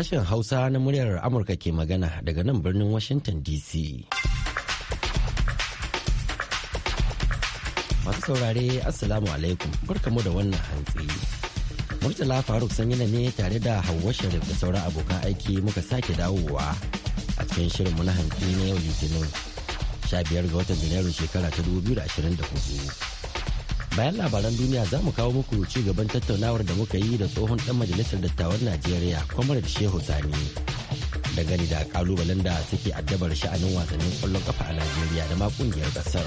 Sashen Hausa na muryar Amurka ke magana daga nan birnin Washington DC. Masu saurare Assalamu alaikum barkamu da wannan hantsi. Murtala Faruk sanyina ne tare da Hauwa Sharif da sauran abokan aiki muka sake dawowa a cikin shirinmu na hantsi na yau Litinin 15 ga watan Janairun shekara ta 2024. bayan labaran duniya za mu kawo muku ci gaban tattaunawar da muka yi da tsohon dan majalisar dattawan najeriya kwamar shehu sani dangane da kalubalen da suke addabar sha'anin wasannin kwallon kafa a najeriya da ma kungiyar kasar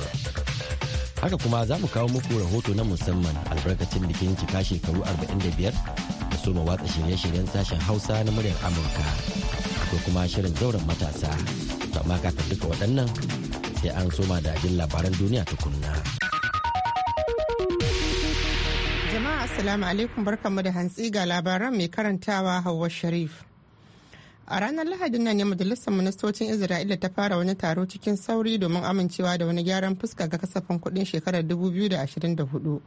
haka kuma za mu kawo muku rahoto na musamman albarkacin bikin cika shekaru 45 da soma watsa shirye-shiryen sashen hausa na muryar amurka ko kuma shirin zauren matasa to amma kafin duka waɗannan sai an soma da jin labaran duniya tukunna. assalamu alaikum barkanmu da hantsi ga labaran mai karantawa Hauwa Sharif. A ranar Lahadin nan ne majalisar ministocin Isra'ila ta fara wani taro cikin sauri domin amincewa da wani gyaran fuska ga kasafin kudin shekarar 2024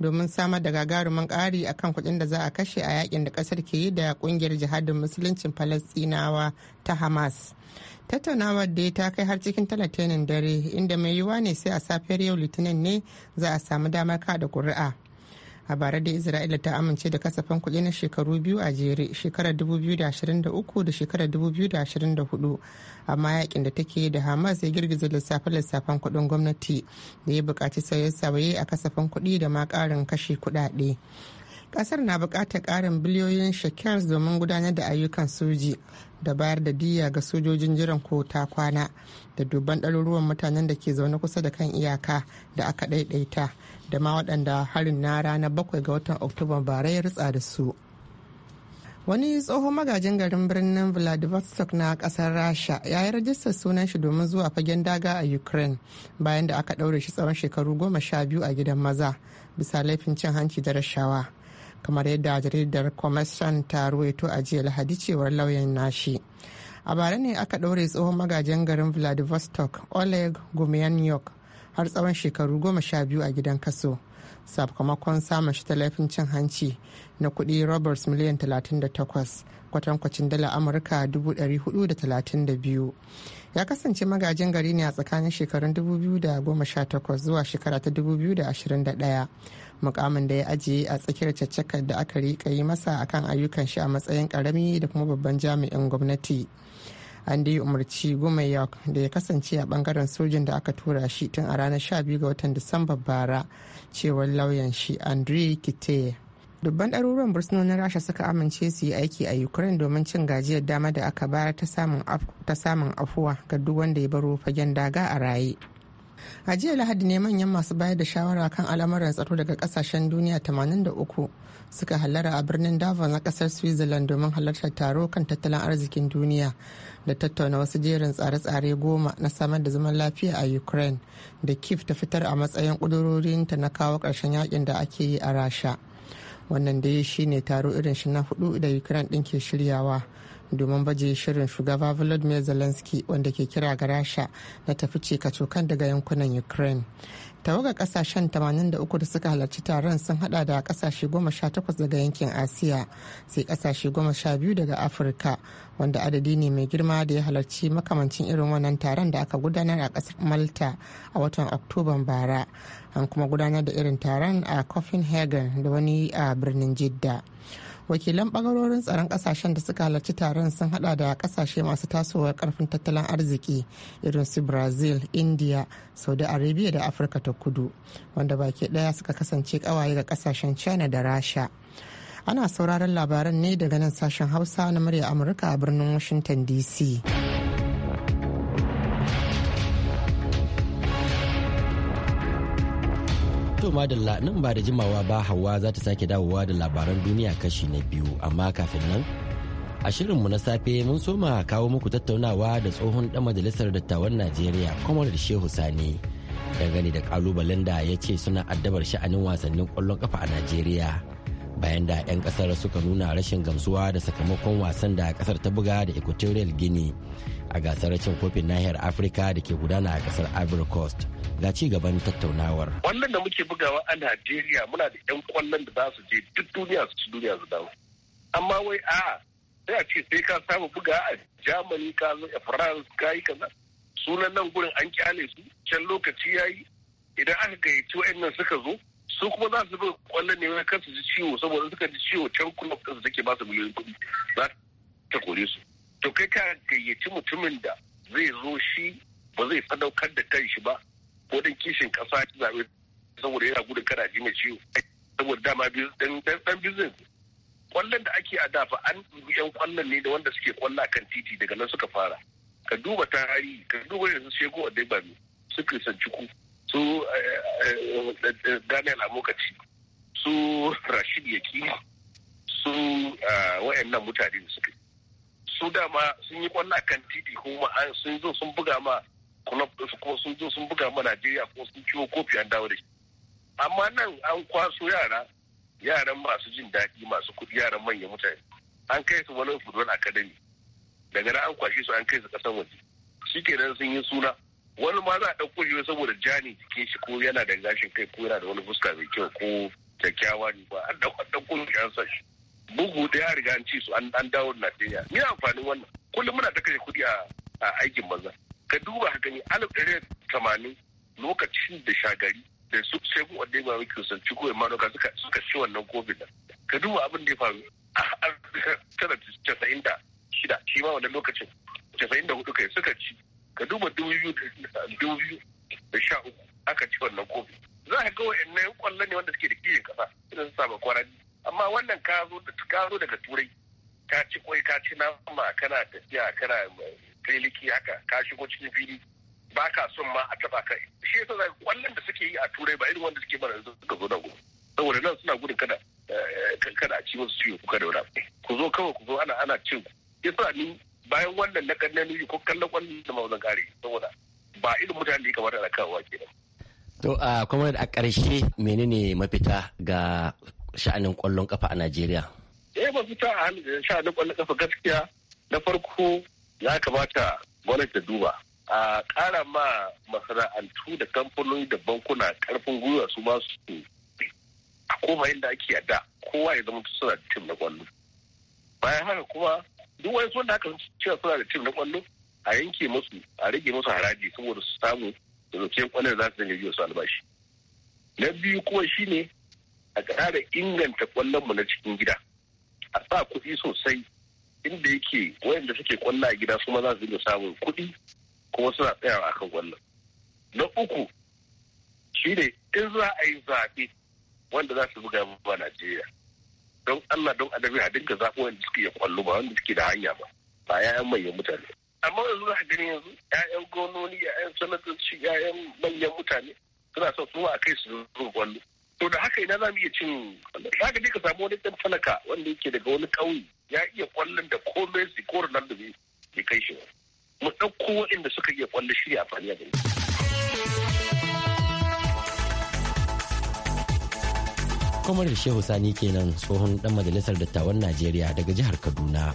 domin samar da gagarumin ƙari a kan kuɗin da za a kashe a yakin da kasar ke yi da ƙungiyar jihadin musuluncin Falastinawa ta Hamas. Tattaunawar da ta kai har cikin talatinin dare inda mai yiwuwa ne sai a safiyar yau litinin ne za a samu damar kada ƙuri'a. a bara da isra'ila ta amince da kasafin kuɗi na shekaru biyu a jere shekarar 2023 da shekarar 2024 amma yakin da take da hamas ya girgiza lissafe-lissafen kuɗin gwamnati da ya buƙaci sauye-sauye a kasafin kuɗi da ma ƙarin kashe kuɗaɗe kasar na bukatar karin biliyoyin shekels domin gudanar da ayyukan soji da bayar da diya ga sojojin jiran ko ta kwana da dubban ɗaruruwan mutanen da ke zaune kusa da kan iyaka da aka ɗaiɗaita da ma wadanda harin na ranar bakwai ga watan oktoba bara ya ritsa da su wani tsohon magajin garin birnin vladivostok na kasar rasha ya yi rajistar sunan shi domin zuwa fagen daga a ukraine bayan da aka ɗaure shi tsawon shekaru goma sha biyu a gidan maza bisa laifin cin hanci da rashawa kamar yadda jaridar commerson ta ruwaito a jiya lahadi cewar lauyan nashi a bara ne aka ɗaure tsohon magajin garin vladivostok oleg gumenyuk har tsawon shekaru goma sha biyu a gidan kaso sakamakon samun shi ta laifin cin hanci na kudi roberts miliyan 38 kwatankwacin dala amurka 432 ya kasance magajin gari ne a tsakanin shekarun 2018 zuwa shekara ta 2021 mukamin da ya ajiye a tsakiyar caccakar da aka rika yi masa akan ayyukan shi a matsayin karami da kuma babban jami'in gwamnati an dai umarci york da ya kasance a bangaren sojin da aka tura shi tun a ranar 12 ga watan disamba bara cewar lauyan shi andre kiteye dubban ɗaruruwan bursunonin rasha suka amince su yi aiki a ukraine domin cin gajiyar dama da aka bayar ta samun afuwa ga duk wanda ya baro fagen daga a raye a jiya lahadi ne manyan masu bayar da shawara kan al'amuran tsaro daga kasashen duniya 83 suka halara a birnin davos na kasar switzerland domin halartar taro kan tattalin arzikin duniya da tattauna wasu jerin tsare-tsare goma na samar da zaman lafiya a ukraine da kif ta fitar a matsayin ƙudurorinta na kawo ƙarshen yakin da ake yi a rasha wannan dai shine taro irin shi na hudu da ukraine din ke shiryawa domin baje shirin shugaba volodymyr zelensky wanda ke kira ga rasha na tafi cekacokan daga yankunan ukraine tawagar kasashen 83 da suka halarci taron sun hada da kasashe 18 daga yankin asiya sai kasashe 12 daga afirka wanda adadi ne mai girma da ya halarci makamancin irin wannan taron da aka gudanar a kasar malta a watan oktoban bara an kuma gudanar da irin taron a copenhagen da wani a birnin jidda wakilan bangarorin tsaron kasashen da suka halarci taron sun hada da kasashe masu tasowar karfin tattalin arziki irin su brazil india saudi arabia da afirka ta kudu wanda baki daya suka kasance kawaye ga kasashen china da rasha ana sauraron labaran ne daga nan sashen hausa na murya amurka a birnin washington dc To madalla nan ba da jimawa ba hawa za ta sake dawowa da labaran duniya kashi na biyu amma kafin nan a shirinmu na safe mun soma kawo muku tattaunawa da tsohon dan majalisar dattawan Najeriya da Shehu Sani dangane da kalubalen da ya ce suna addabar sha'anin wasannin kwallon kafa a Najeriya bayan da 'yan kasar suka nuna rashin gamsuwa da sakamakon wasan da kasar ta buga da Equatorial Guinea a gasar cin kofin nahiyar Afirka da ke gudana a kasar Ivory Coast. ga ci gaban tattaunawar. Wannan da muke bugawa a Najeriya muna da 'yan kwallon da za su je duk duniya su ci duniya su dawo. Amma wai a sai a ce sai ka samu buga a Germany ka zo a France ka yi kaza. Sunan nan gurin an kyale su can lokaci ya yi idan aka gayyaci wa'annan suka zo su kuma za su buga kwallon ne wani kansu ji ciwo saboda suka ji ciwo can kuma kansu take ba su miliyoyin kuɗi za ta kore su. To kai ka gayyaci mutumin da zai zo shi ba zai sadaukar da kan shi ba ko kishin kasa zaɓe saboda yana gudun kada ji mai ciwo saboda dama dan bizin kwallon da ake a dafa an yan kwallon ne da wanda suke kwalla kan titi daga nan suka fara ka duba tarihi ka duba yanzu shego a ne? su krisan ciku. su eh, eh, daniel amokaci su rashid yaki su ah, wayannan mutane su dama sun yi kwallo kan titi kuma sun zo sun buga ma kuma su kuma sun zo sun buga ma Najeriya ko sun ciwo kofi an dawo da shi amma nan an kwaso yara yaran masu jin daɗi masu kuɗi yaran manyan mutane an kai su wani fudon akadami. daga nan an kwashe su an kai su ƙasan waje shikenan sun yi suna wani ma za a ɗauko shi saboda jani jikin shi ko yana da gashin kai ko yana da wani fuska mai kyau ko kyakkyawa ne ba an ɗauko ɗauko shi an sa shi bugu da ya riga an ci su an dawo da Najeriya ni amfanin wannan kullum muna ta kashe kuɗi a aikin maza ka duba gani alif ɗari tamanin lokacin da shagari da su sai kuma ya ba wiki sun ci kuma manuka suka ci wannan kofin da ka duba abin da ya faru a tara casa'in da shida shi ma wannan lokacin casa'in da hudu kai suka ci ka duba dubu biyu da sha uku aka ci wannan kofin za ka ga wa'annan kwallo ne wanda suke da kiyin kasa idan su saba kwana amma wannan ka zo daga turai ka ci kwai ka ci nama kana tafiya kana filiki haka ka shigo cikin fili ba ka son ma a taba kai shi yasa zai kwallon da suke yi a turai ba irin wanda suke mana yanzu suka zo da gudu saboda nan suna gudun kada eh, kada a ci wasu ciwo kuka da wani ku zo kawai ku zo ana ana cin ku yasa ni bayan wannan na kan nanu ko kallon kwallon da mawazan kare saboda ba irin mutane da ya kamata na wake ne to a kuma a ƙarshe menene mafita ga sha'anin kwallon kafa a Najeriya eh mafita a sha'anin kwallon kafa gaskiya na farko ya kamata gwamnati ta duba a ƙara ma masana'antu da kamfanoni da bankuna ƙarfin gwiwa su ma su a koma yadda ake yada kowa ya zama suna da tim na kwallo bayan haka kuma duk wani da aka cewa suna da tim na kwallo a yanke musu a rage musu haraji saboda su samu da zoce kwallon za su dinga biyo su albashi na biyu kuma shine a ƙara inganta kwallon mu na cikin gida a sa kuɗi sosai inda yake wayanda suke kwalla a gida su ma za su dinga samun kuɗi kuma suna tsayawa akan kwallon na uku shi ne in za a yi zaɓe wanda za su buga ba Najeriya don Allah don adabi a dinga zaɓo wanda suke ya kwallo ba wanda suke da hanya ba ba ƴaƴan manyan mutane amma yanzu za a gani yanzu Ya'yan gononi ya'yan sanatoci ya'yan manyan mutane suna son su a kai su zuwa kwallo to da haka ina za mu iya cin za ka je ka samu wani ɗan talaka wanda yake daga wani ƙauye ya iya kwallon da ko Messi ko Ronaldo ya kai shi ba. Mu ɗauko waɗanda suka iya kwallo shi a fariya da Kwamar Shehu Sani kenan tsohon dan majalisar dattawan Najeriya daga jihar Kaduna.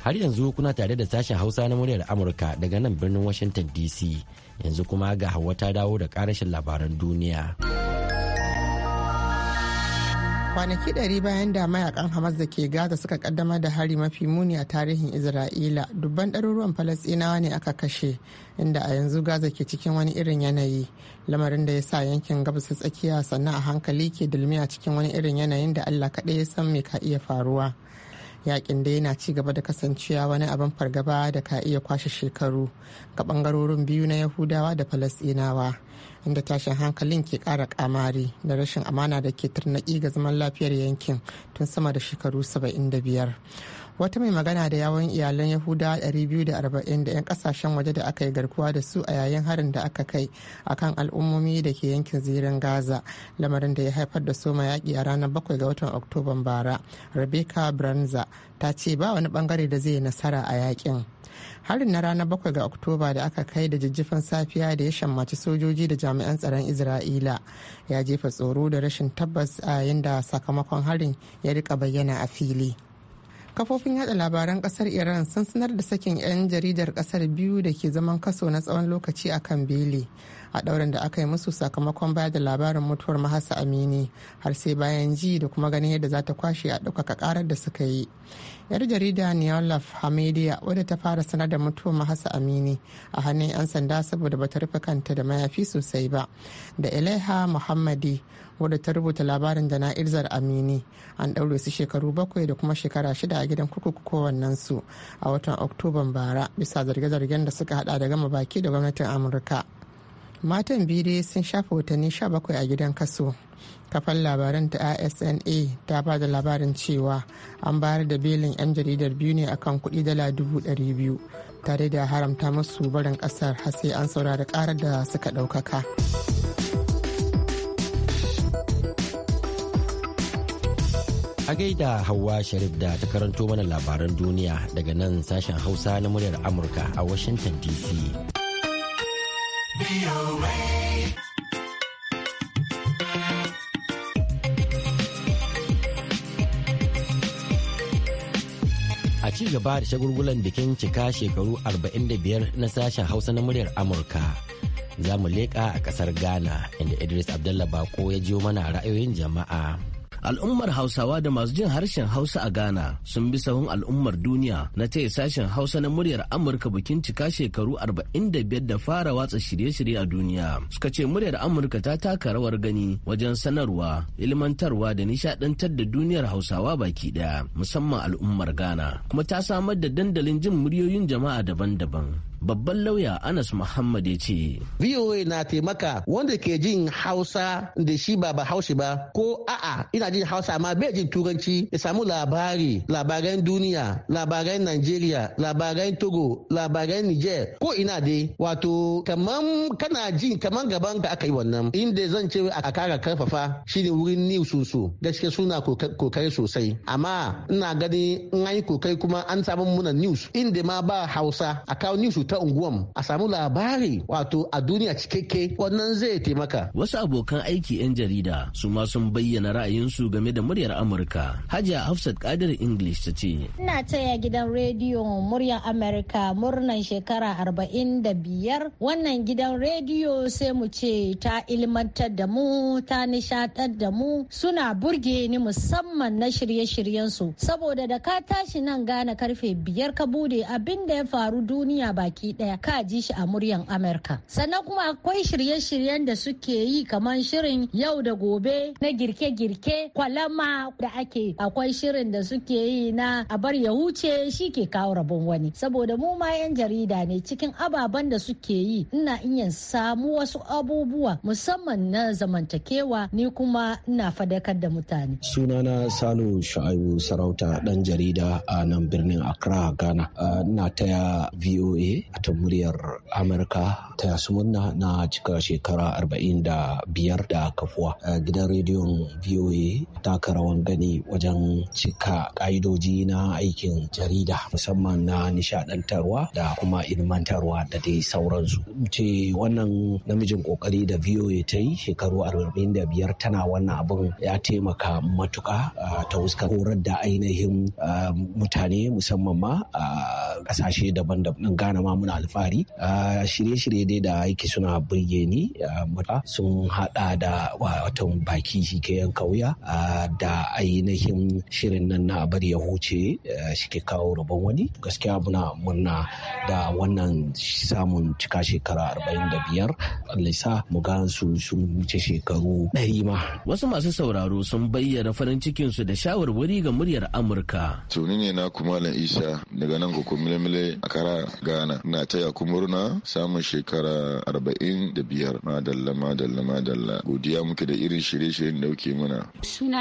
Har yanzu kuna tare da sashen Hausa na muryar Amurka daga nan birnin Washington DC. Yanzu kuma ga hawa ta dawo da karashin labaran duniya. kwanaki ɗari bayan da mayakan hamas da ke gaza suka kaddama da hari mafi muni a tarihin isra'ila dubban ɗaruruwan falasɗinawa ne aka kashe inda a yanzu gaza ke cikin wani irin yanayi lamarin da ya sa yankin gabas ta tsakiya sannan a hankali ke dulmiya cikin wani irin yanayin da allah kaɗai ya san me ka iya faruwa yakin da yana ci gaba da kasancewa wani abin fargaba da ka iya kwashe shekaru ga ɓangarorin biyu na yahudawa da falasɗinawa inda tashin hankalin ke ƙara kamari da rashin amana da ke tarnaki ga zaman lafiyar yankin tun sama da shekaru 75 wata mai magana da yawon iyalan yahuda 240 da 'yan kasashen waje da aka yi garkuwa da su a yayin harin da aka kai a kan al'ummomi da ke yankin zirin gaza lamarin da ya haifar da soma yaƙi a ranar 7 ga watan oktoban bara rebecca branza ta ce ba wani bangare da zai nasara a yakin. harin na ranar 7 ga oktoba da aka kai da jijjifan safiya da ya shammaci sojoji da jami'an tsaron isra'ila ya jefa tsoro da rashin tabbas a da sakamakon harin ya rika bayyana a fili kafofin yada labaran kasar iran sun sanar da sakin 'yan jaridar kasar biyu da ke zaman kaso na tsawon lokaci a kan beli a ɗaurin da aka yi musu sakamakon bayar da labarin mutuwar mahasa amini har sai bayan ji da kuma ganin yadda za ta kwashe a ɗaukaka karar da suka yi yar jarida neolaf hamidiya wadda ta fara sanar da mutuwar mahasa amini a hannun 'yan sanda saboda bata rufe kanta da mayafi sosai ba da ilaiha muhammadi wadda ta rubuta labarin da na amini an ɗaure su shekaru bakwai da kuma shekara shida a gidan kurkuku kowannen su a watan oktoban bara bisa zarge-zargen da suka hada da gama baki da gwamnatin amurka matan biyu dai sun shafa watanni sha bakwai a gidan kaso kafan labaran ta isna ta ba da labarin cewa an bayar da belin 'yan jaridar biyu ne akan kudi dala dubu ɗari biyu tare da haramta musu barin kasar har sai an saurari karar da suka daukaka. a gaida hawa sharif da ta karanto mana labaran duniya daga nan sashen hausa na muryar amurka a washington dc A ci gaba da shagulgulan bikin cika shekaru 45 na sashen Hausa na muryar Amurka. Za mu leƙa a ƙasar Ghana inda Idris Abdullah Bako ya jiyo mana ra'ayoyin jama'a. al'ummar hausawa da masu jin harshen hausa a ghana sun bi sahun al'ummar duniya na taya sashen hausa na muryar amurka bikin cika shekaru 45 da fara watsa shirye-shirye a duniya suka ce muryar amurka ta taka rawar gani wajen sanarwa ilmantarwa da nishadantar da duniyar hausawa baki daya musamman al'ummar ghana kuma ta samar da dandalin jin muryoyin jama'a daban-daban babban lauya anas muhammad ya ce voa na taimaka wanda ke jin hausa da shi ba ba haushi ba ko a'a ina jin hausa amma bai jin turanci ya samu labari labaran duniya labaran Najeriya labaran togo labaran niger ko ina dai wato kaman kana jin kaman gaban ka aka yi wannan inda zan ce a kara karfafa shine wurin ni susu gaske suna kokari sosai amma ina gani in an yi kokari kuma an samu muna news inda ma ba hausa a kawo news ta unguwan a samu labari wato a duniya cikakke wannan zai taimaka wasu abokan aiki 'yan jarida su ma sun bayyana ra'ayinsu game da muryar amurka hajiya hafsat kadir english ta ce ina taya gidan rediyo muryar amurka murnan shekara arba'in da biyar wannan gidan rediyo sai mu ce ta ilmantar da mu ta nishaɗar da mu suna burge ni musamman na shirye-shiryensu saboda da ka tashi nan gane karfe biyar ka bude abin da ya faru duniya baki baki daya ka ji shi a muryan amurka sannan kuma akwai shirye-shiryen da suke yi kamar shirin yau da gobe na girke-girke kwalama da ake akwai shirin da suke yi na a bar ya huce shi ke kawo rabon wani saboda mu ma 'yan jarida ne cikin ababen da suke yi ina iya samu wasu abubuwa musamman na zamantakewa ni kuma ina fadakar da mutane sunana salo Sha'ibu sarauta dan jarida a nan birnin accra ghana ah, Ina taya voa ta muryar amurka ta yasu murna na cika shekara 45 da kafuwa eh, gidan rediyon voa ta karawan gani wajen cika ka'idoji na aikin jarida musamman na nishadantarwa da kuma ilmantarwa da dai sauransu ce wannan namijin kokari da voa ta yi shekaru 45 tana wannan abin ya taimaka matuka ta wuskar horar da ainihin mutane musamman ma a ƙasashe daban-daban gane ma muna alfahari a shirye-shirye dai da yake suna burge ni mata sun hada da watan baki shi ke yanka da ainihin shirin nan na bari ya huce shi ke kawo rabon wani gaskiya muna murna da wannan samun cika shekara 45 Allah sa mu ga sun wuce shekaru 100 ma wasu masu sauraro sun bayyana farin cikin su da shawarwari ga muryar Amurka. Tuni ne na kuma Isa daga nan ko mile mile a kara Ghana. na taya ku murna samun shekara arba'in da biyar madalla madalla madalla godiya muke da irin shirye-shiryen da kuke muna.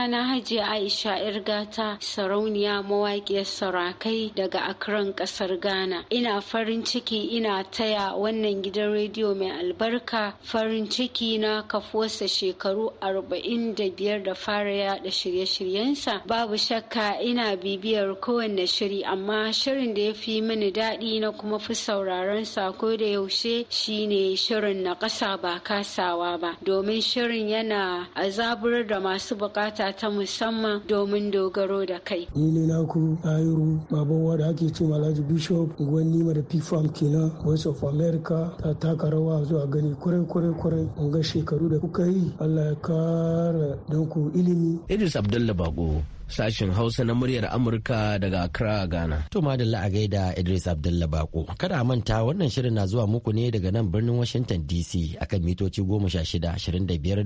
na hajiya aisha irgata sarauniya mawaƙiyar sarakai daga akran ƙasar ghana ina farin ciki ina taya wannan gidan rediyo mai albarka farin ciki na kafuwarsa shekaru arba'in da biyar da fara yada shirye-shiryensa babu shakka ina bibiyar kowanne shiri amma shirin da ya fi mini daɗi na kuma fi sauraron sa da yaushe shine shirin na ƙasa ba kasawa ba domin shirin yana azabar da masu bukata ta musamman domin dogaro da kai. Ni ne naku ayuru Babawa da ake ce Alhaji Bishop nima da PFAM kenan Voice of America ta taka rawa zuwa gani kurai kurai kurai mun ga shekaru da kuka yi Allah ya kara don ku ilimi. Idris Abdullahi Bago sashen Hausa na muryar Amurka daga Accra, Ghana. To madalla a gaida Idris Abdulla Bako. Kada a manta wannan shirin na zuwa muku ne daga nan birnin Washington DC akan mitoci 16,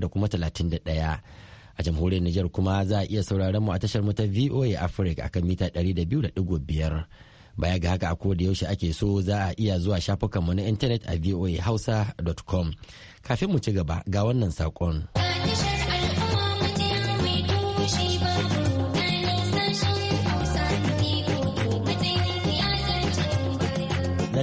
da kuma 31. a jamhuriyar Nijar kuma za a iya sauraron mu a tashar mu ta VOA Africa akan mita 200.5 baya ga haka a koda yaushe ake so za a iya zuwa shafukanmu na intanet a voahausa.com kafin mu ci gaba ga wannan saƙon.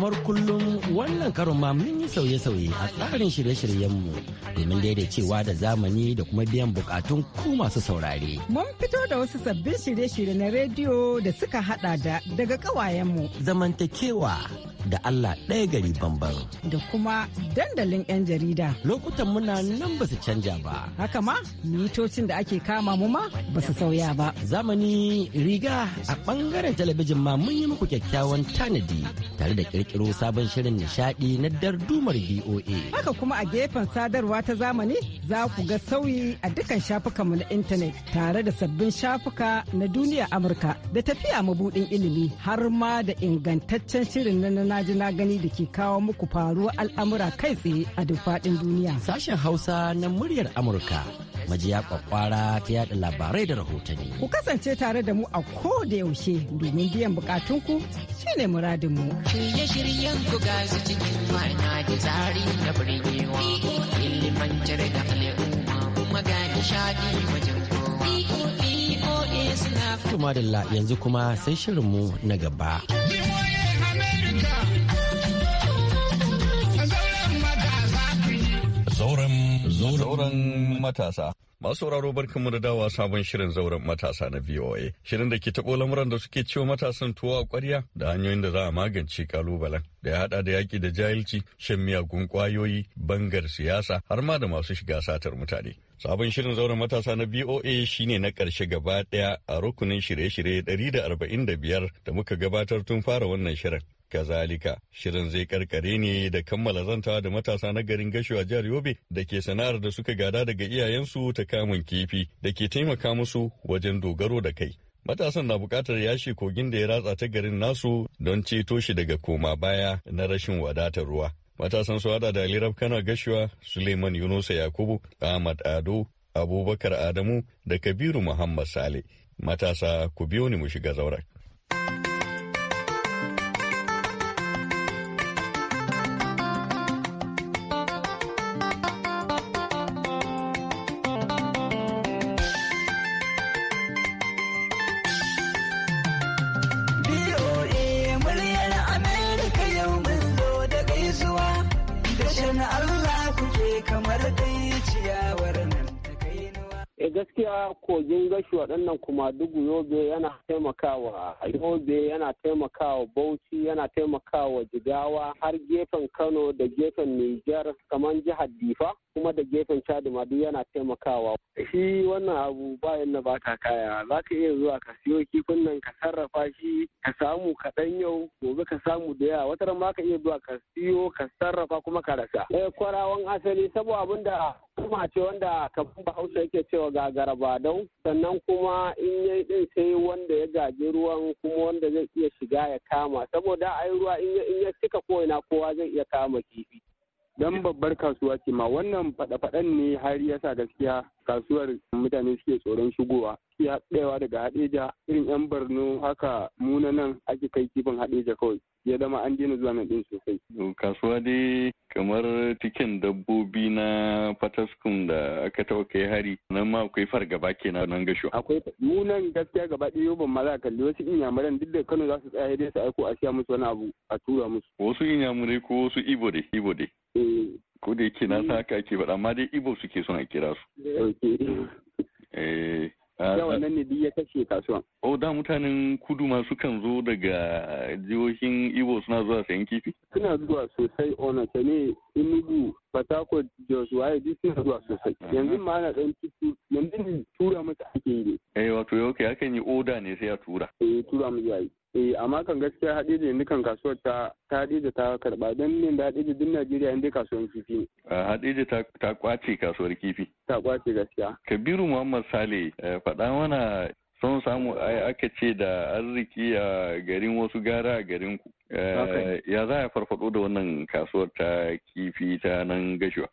kamar kullum wannan karon ma mun yi sauye-sauye a tsarin shirye-shiryenmu domin daidaicewa da zamani da kuma biyan bukatun ku masu saurare. Mun fito da wasu sabbin shirye-shirye na rediyo da suka hada da daga kawayenmu. Zamantakewa da Allah ɗaya gari bambam. Da kuma dandalin 'yan jarida. Lokutan muna nan ba su canja ba. Haka ma, mitocin da ake kama mu ma ba su sauya ba. Zamani riga a ɓangaren talabijin ma mun yi muku kyakkyawan tanadi tare da ƙirƙiro sabon shirin nishaɗi na dardumar BOA. Haka kuma a gefen sadarwa ta zamani za ku ga sauyi a dukkan shafukanmu na intanet tare da sabbin shafuka na duniya Amurka da tafiya mabuɗin ilimi har ma da ingantaccen shirin na na ji na gani da ke kawo muku faruwar al'amura kai tsaye a duk faɗin duniya. Sashen Hausa na muryar Amurka majiya kwakwara ta yada labarai da rahotanni. Ku kasance tare da mu a ko da yaushe domin biyan bukatunku shine muradin mu. shirye ku ga su cikin ma'ana da tsari na birgewa. da al'umma kuma ga wajen kowa. yanzu kuma sai shirinmu na gaba. Zauren matasa. Masu sauraro barkanmu da dawa sabon shirin zauren matasa na VOA. Shirin da ke taɓo lamuran da suke ciwo matasan tuwa a ƙwarya da hanyoyin da za a magance ƙalubalen da ya haɗa da yaƙi da jahilci, shan miyagun ƙwayoyi, bangar siyasa har ma da masu shiga satar mutane. Sabon shirin zauren matasa na BOA shine na ƙarshe gaba ɗaya a rukunin shirye-shirye 145 da muka gabatar tun fara wannan shirin. Kazalika, shirin zai karkare ne da kammala zantawa da matasa na garin gasho a jihar Yobe da ke sana'ar da suka gada daga iyayensu ta kamun kifi da ke taimaka musu wajen dogaro da kai. Matasan na bukatar yashi kogin da ya ratsa ta garin nasu don ceto shi daga koma baya na rashin wadatar ruwa. Matasan su hada da Alirab Kano Gashuwa, Suleiman Yunusa Yakubu, Ahmad Ado, Abubakar Adamu da Kabiru Muhammad Sale. Matasa ku biyo ni mu shiga zauren. e gaskiya kogin gashi waɗannan kuma dugu yobe yana taimakawa yobe yana taimakawa bauchi yana taimakawa jigawa har gefen kano da gefen niger kamar jihar difa kuma da gefen chadi ma duk yana taimakawa shi wannan abu bayan na baka kaya za ka iya zuwa ka siyo kifin nan ka sarrafa shi ka samu kaɗan yau gobe ka samu da yawa wata ma ka iya zuwa ka siyo ka sarrafa kuma ka rasa eh, kwarawan asali saboda abin da kalma ce wanda kafin hausa yake cewa gagara ba dau sannan kuma in ya yi din sai wanda ya gaji ruwan kuma wanda zai iya shiga ya kama saboda a yi ruwa in ya cika ko'ina kowa zai iya kama kifi dan babbar kasuwa ce ma wannan faɗa-faɗan ne har ya sa gaskiya kasuwar mutane suke tsoron shigowa ya ɗayawa daga haɗeja irin yan barno haka muna nan ake kai kifin haɗeja kawai ya dama an daina zuwa nan ɗin sosai. Kasuwa dai kamar cikin dabbobi na fataskun da aka taɓa kai hari nan ma akwai fargaba kenan nan gasho. Akwai mu nan gaskiya gaba ɗaya ban ma za kalli wasu inyamuran duk da Kano za su tsaya dai su aiko a siya musu wani abu a tura musu. Wasu inyamurai ko wasu ibo dai ibo dai. Eh. Ko da yake na sa haka ake faɗa amma dai ibo suke son a kira su. Eh. eh. yawan ah, nan ne duk ya kashe kasuwan. Oh da mutanen kudu ma kan zo daga jihohin Igbo suna zuwa sayan kifi? Suna zuwa sosai ta ne Enugu, Fatakot, Jos, waye duk suna zuwa sosai. Yanzu ma ana ɗan tutu, yanzu tura masa ake yi ne. Eh wato yau kai akan yi oda ne sai a tura. Eh tura mu yayi. eh amma kan gaskiya hadija yanzu kan kasuwar ta ta ta karba don ne da hadija duk najeriya inda kasuwar kifi ne hadija ta kwace kasuwar kifi ta kwace gaskiya kabiru muhammad sale eh, faɗa mana son samu ai aka ce da arziki a garin wasu gara a garin ku eh, ya za a farfado da wannan kasuwar ta kifi ta nan gashuwa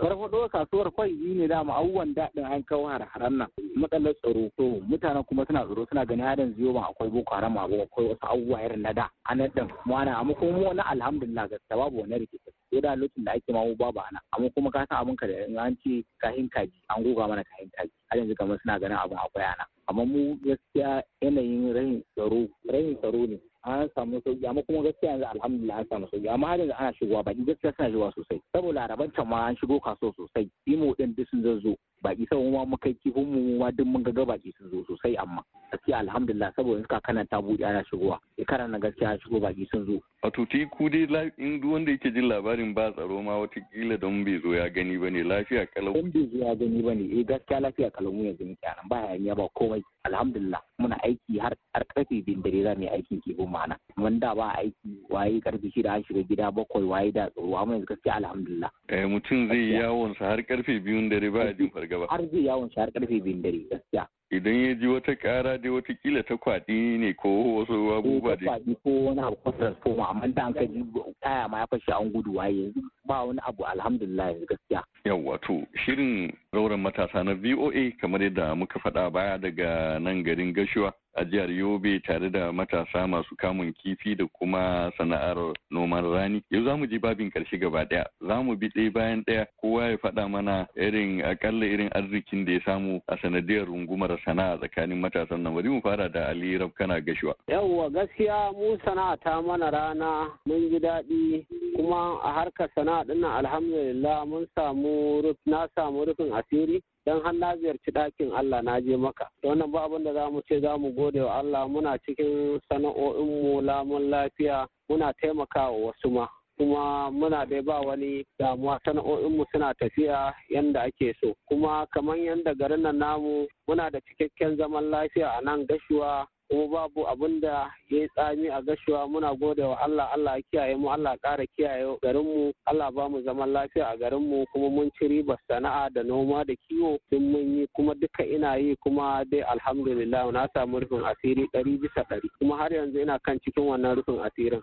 farfado kasuwar kwai yi ne dama abubuwan daɗin an kawo har-haren nan matsalar tsaro to mutanen kuma suna tsaro suna ganin hadin ziyo ba akwai boko haram ba akwai wasu abubuwa irin na da a nan din mu ana amma kuma mu wani alhamdulillah gaskiya babu wani rikici ko da lokacin da ake mamu babu ana amma kuma ka san abin ka da in an ce kahin kaji an goga mana kahin kaji har yanzu kamar suna ganin abin akwai ana amma mu gaskiya yanayin rahin tsaro rahin tsaro ne an samu sauki amma kuma gaskiya yanzu alhamdulillah an samu sauki amma yanzu ana shigowa baki gaskiya suna shigowa sosai saboda can ma an shigo kaso sosai imo din duk sun zo. baki sama ma muka yi kifin mu ma duk mun ga baki sun zo sosai amma gaskiya alhamdulillah saboda suka kana ta buɗe ana shigowa shekara eh, na gaskiya shigo baki sun zo. a tuti ku dai in duk wanda yake jin labarin ba tsaro ma watakila don bai zo ya gani ba ne lafiya kalau. don bai zo ya gani ba ne eh gaskiya lafiya kalau yanzu muke anan ba hayaniya ba komai alhamdulillah muna aiki har har karfe bin dare za mu yi aikin kifin mun da ba aiki waye karfe shida an shiga gida bakwai waye da tsaro amma yanzu gaskiya alhamdulillah. Eh, mutum zai yawon sa har karfe biyun dare ba a jin farga. gaba har zai yawon sa har karfe biyun dare gaskiya idan ya ji wata kara dai watakila ta kwaɗi ne ko wasu abubuwa dai. kwaɗi ko wani abu ko transformer amma da an kaji kaya ma ya fashe an gudu waye yanzu ba wani abu alhamdulillah gaskiya. yawwa to shirin zauren matasa na VOA kamar yadda muka faɗa baya daga nan garin Gashuwa a jihar Yobe tare da matasa masu kamun kifi da kuma sana'ar noman rani. Yau za mu ji babin karshe gaba ɗaya. Za mu bi ɗaya bayan ɗaya kowa ya faɗa mana irin akalla irin arzikin da ya samu a sanadiyar rungumar sana'a tsakanin matasan nan. Bari mu fara da Ali Rabkana Gashuwa. Yawwa gaskiya mu sana'a ta mana rana mun ji daɗi kuma a harkar sana'a ɗin alhamdulillah mun samu na samu rufin asiri don har na ziyarci ɗakin Allah na je maka da wannan ba abin da za mu ce za mu gode wa Allah muna cikin sana'o'inmu lamun lafiya muna taimakawa wasu ma kuma muna dai ba wani damuwa sana'o'inmu suna tafiya yadda ake so kuma kamar yadda garin nan namu muna da cikakken zaman lafiya a nan gashuwa kuma babu abin da ya yi tsami a gashuwa muna gode wa Allah Allah ya kiyaye mu Allah ƙara kiyaye garinmu Allah ba mu zaman lafiya a garin mu kuma mun ci ribar sana'a da noma da kiwo duk mun yi kuma duka ina yi kuma dai alhamdulillah na samu rufin asiri ɗari bisa ɗari kuma har yanzu ina kan cikin wannan rufin asirin.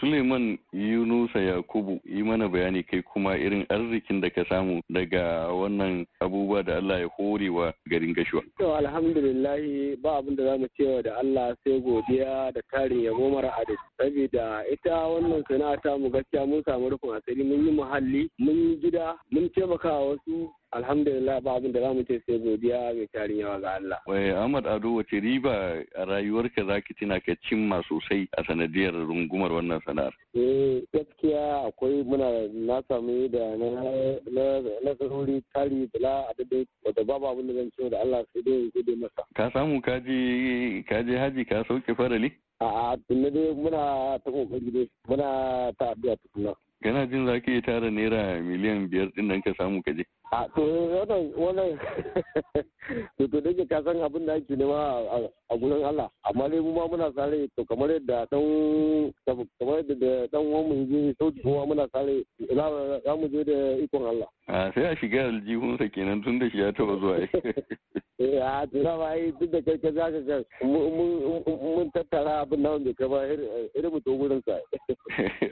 Suleiman Yunusa Yakubu yi mana bayani kai kuma irin arzikin da ka samu daga wannan abubuwa da Allah ya hore wa garin gashuwa. To alhamdulillahi ba abin da zamu cewa da Allah sai godiya da tarin yabo mara adadi. Saboda ita wannan sana'a ta mu gaskiya mun samu rufin asiri mun yi muhalli mun yi gida mun taimaka wasu alhamdulillah ba abin da za mu ce sai godiya mai tarin yawa ga Allah. Wai Ahmad Ado wace riba a rayuwarka za ki tuna ka cimma sosai a sanadiyar rungumar wannan sana'ar? Eh gaskiya akwai muna na samu da na zaruri tari bala a daidai wadda babu abin da zan ce da Allah sai dai gode masa. Ka samu kaji kaji haji ka sauke farali? A'a, tunda dai muna ta kokari dai muna ta addu'a tukuna. kana jin za ka iya tara naira miliyan biyar din nan ka samu ka je a to wannan wannan to to dake ka san abin da ake nema a gurin Allah amma dai mu ma muna sare to kamar yadda dan kamar yadda dan uwan mu yaje sauki kuma muna sare za mu je da ikon Allah a sai a shiga aljihunsa kenan tun da shi ya taba zuwa eh a to na bai duk da kai ka za ka mun tattara abin nan da ka ba irin mu to gurin sa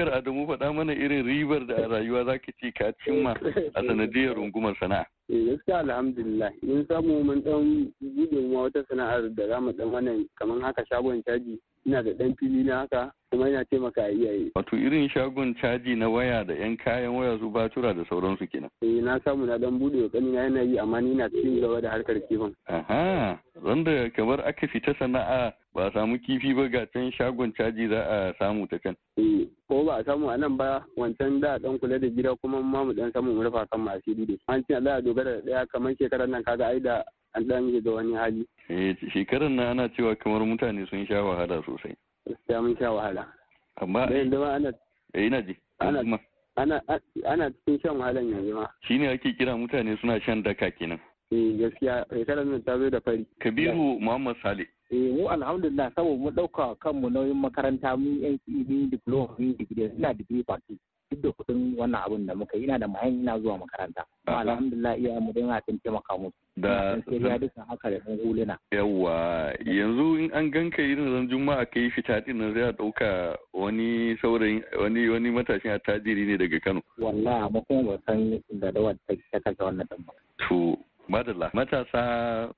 abubakar adamu faɗa mana irin ribar da a rayuwa za ka ce ka cimma a sanadiyar rungumar sana'a eh, gaskiya alhamdulillah mun samu mun dan gudunmuwa wata sana'ar da za mu dan wannan kamar haka shagon caji ina da dan fili na haka kuma ina taimaka a iyaye. Wato irin shagon caji na waya da yan kayan waya su batura da sauransu kenan. Eh na samu na dan bude kokari na yana yi amma ni na cin gaba da harkar kifin. Aha, wanda kamar aka fita sana'a ba a samu kifi ba ga can shagon caji za a samu ta can. Eh, ko ba a samu a nan ba wancan da dan kula da gida kuma ma mu dan samu mu rufa kan asiri da an ce Allah ya dogara da daya kamar shekarar nan kaga ai da an dan yi da wani hali. eh shekarar nan ana cewa kamar mutane sun sha wahala sosai. Ya mun sha wahala. amma eh ana eh ina ji. ana ana cikin shan wahalan yanzu ma. shine ake kira mutane suna shan daka kenan. eh gaskiya shekarar nan ta zo da fari. Kabiru Muhammad Saleh. eh mu alhamdulillah saboda mu ɗauka kanmu nauyin makaranta mun yan e, mun diploma mun digiri ina digiri party duk da kudin wannan abin da muka yi ina da mayan ina zuwa makaranta amma alhamdulillah iya mu dinga sun taimaka mu da ya dukan haka da sun huluna yawa yanzu in an ganka irin ran juma'a kai fita din nan zai dauka wani saurayin wani wani matashin attajiri ne daga Kano wallahi mu kuma ba san da dawar ta kashe wannan din ba to Madalla matasa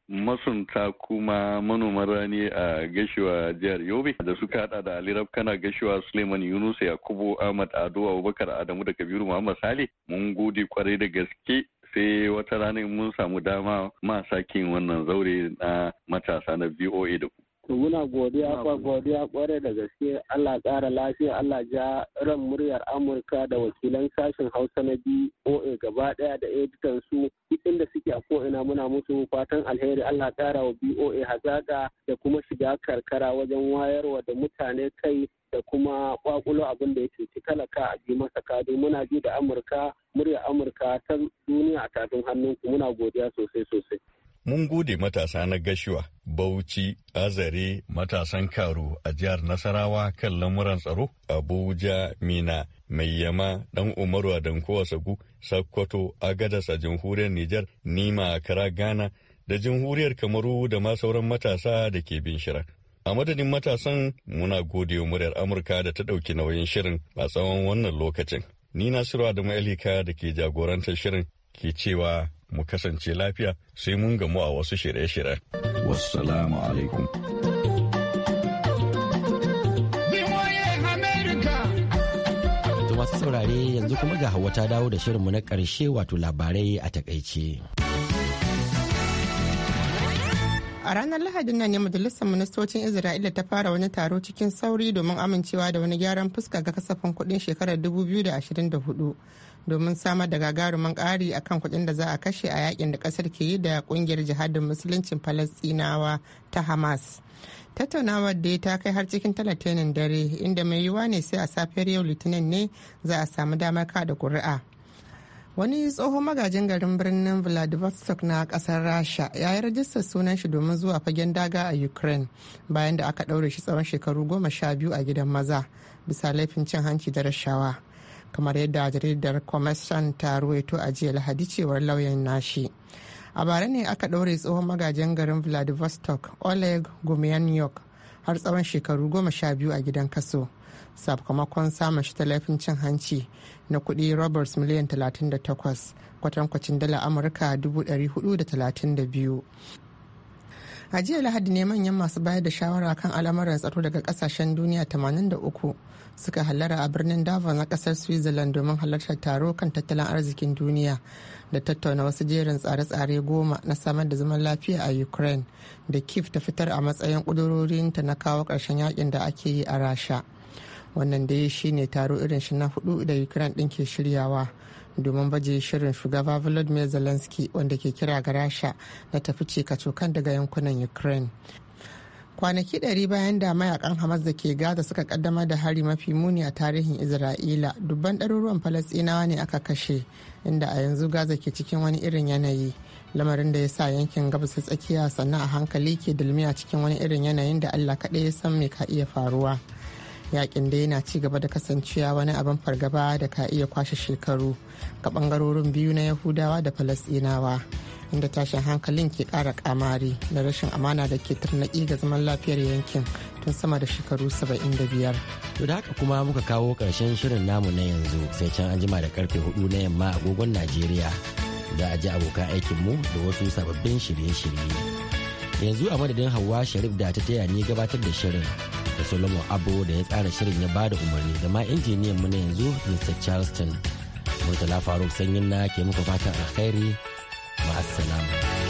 masunta kuma manoman rani a gashiwa jihar Yobe da suka hada da Ali Rafkana gashiwa Suleiman Yunus Yakubu Ahmad Ado Abubakar Adamu da Kabiru Muhammad Sale mun gode kwarai da gaske sai wata rana mun samu dama ma sakin wannan zaure na matasa na BOA da ku. To muna godiya kwa godiya kwarai da gaske Allah ƙara lafiya Allah ja ran muryar Amurka da wakilan sashen Hausa na BOA gaba ɗaya da editan su da suke a ko ina muna musu fatan alheri Allah ƙara wa BOA hazaka da kuma shiga karkara wajen wayarwa da mutane kai da kuma kwakulo abin da ya cuci talaka a ji masa kado muna ji da Amurka muryar Amurka ta duniya a tafin hannunku muna godiya sosai sosai. mun gode matasa na gashua bauchi azare matasan karu a jihar nasarawa kan lamuran tsaro abuja mina mai yama dan umaru a dankowa sagu sakkwato agadas a jamhuriyar nijar nima a kara ghana da jamhuriyar kamaru da ma sauran matasa da ke bin shira. a madadin matasan muna gode wa muryar amurka da ta ɗauki nauyin shirin a tsawon wannan lokacin ni nasiru adamu elika da ke jagorantar shirin ke cewa mu kasance lafiya sai mun gamu a wasu shirye-shiryen. Wassalamu alaikum. masu saurare yanzu kuma ga hawa ta dawo da shirinmu na ƙarshe wato labarai a takaice. A ranar Lahadin nan ne Majalisar Ministocin Isra'ila ta fara wani taro cikin sauri domin amincewa da wani gyaran fuska ga kasafin kuɗin shekarar 2024. domin samar da gagarumin ƙari kan kuɗin da za a kashe a yakin da ƙasar ke yi da ƙungiyar jihadin musuluncin falastinawa ta hamas tattaunawar da ta kai har cikin talatinin dare inda mai yiwuwa ne sai a safiyar yau litinin ne za a samu damar kada kuri'a wani tsohon magajin garin birnin vladivostok na kasar rasha ya yi rajistar sunan shi domin zuwa fagen daga a ukraine bayan da aka ɗaure shi tsawon shekaru goma sha biyu a gidan maza bisa laifin cin hanci da rashawa kamar yadda jaridar commerson ta ruwaito a jiya lahadi cewar lauyan nashi a bara ne aka ɗaure tsohon magajin garin vladivostok oleg gumyanyok har tsawon shekaru goma sha biyu a gidan kaso sakamakon samun shi talafin cin hanci na kuɗi roberts miliyan 38 kwatankwacin dala amurka 432 a jiya lahadi ne manyan masu bayar da shawara kan al'amuran tsaro daga kasashen duniya 83 suka halara a birnin davos na kasar switzerland domin halartar taro kan tattalin arzikin duniya da tattauna wasu jerin tsare-tsare goma na samar da zaman lafiya a ukraine da kif ta fitar a matsayin ta na kawo karshen yakin da ake yi a rasha wannan dai shine taro irin shi na hudu da ukraine ɗin ke shiryawa domin baje shirin shugaba volodymyr zelensky wanda ke kira ga rasha na tafi cikacokan daga yankunan ukraine kwanaki ɗari bayan da mayakan hamas da ke gaza suka kaddamar da hari mafi muni a tarihin isra'ila dubban ɗaruruwan falasɗinawa ne aka kashe inda a yanzu gaza ke cikin wani irin yanayi lamarin da ya sa yankin gabas tsakiya sannan a hankali ke dulmiya cikin wani irin yanayin da allah kaɗai ya san me ka iya faruwa yakin da na ci gaba da kasancewa wani abin fargaba da ka iya kwashe shekaru ga bangarorin biyu na yahudawa da falasinawa inda tashin hankalin ke kara kamari da rashin amana da ke tarnaki ga zaman lafiyar yankin tun sama da shekaru 75. To da haka kuma muka kawo karshen shirin namu na yanzu sai can an da karfe hudu na yamma agogon Najeriya za a ji abokan aikin mu da wasu sababbin shirye-shirye. Yanzu a madadin hawa Sharif da ta taya ni gabatar da shirin. da solomon abu da ya tsara shirin ya bada umarni da ma injiniyan mu na yanzu mr charleston murtala faruk sanyin na ke muku fatan alkhairi ma'assalam.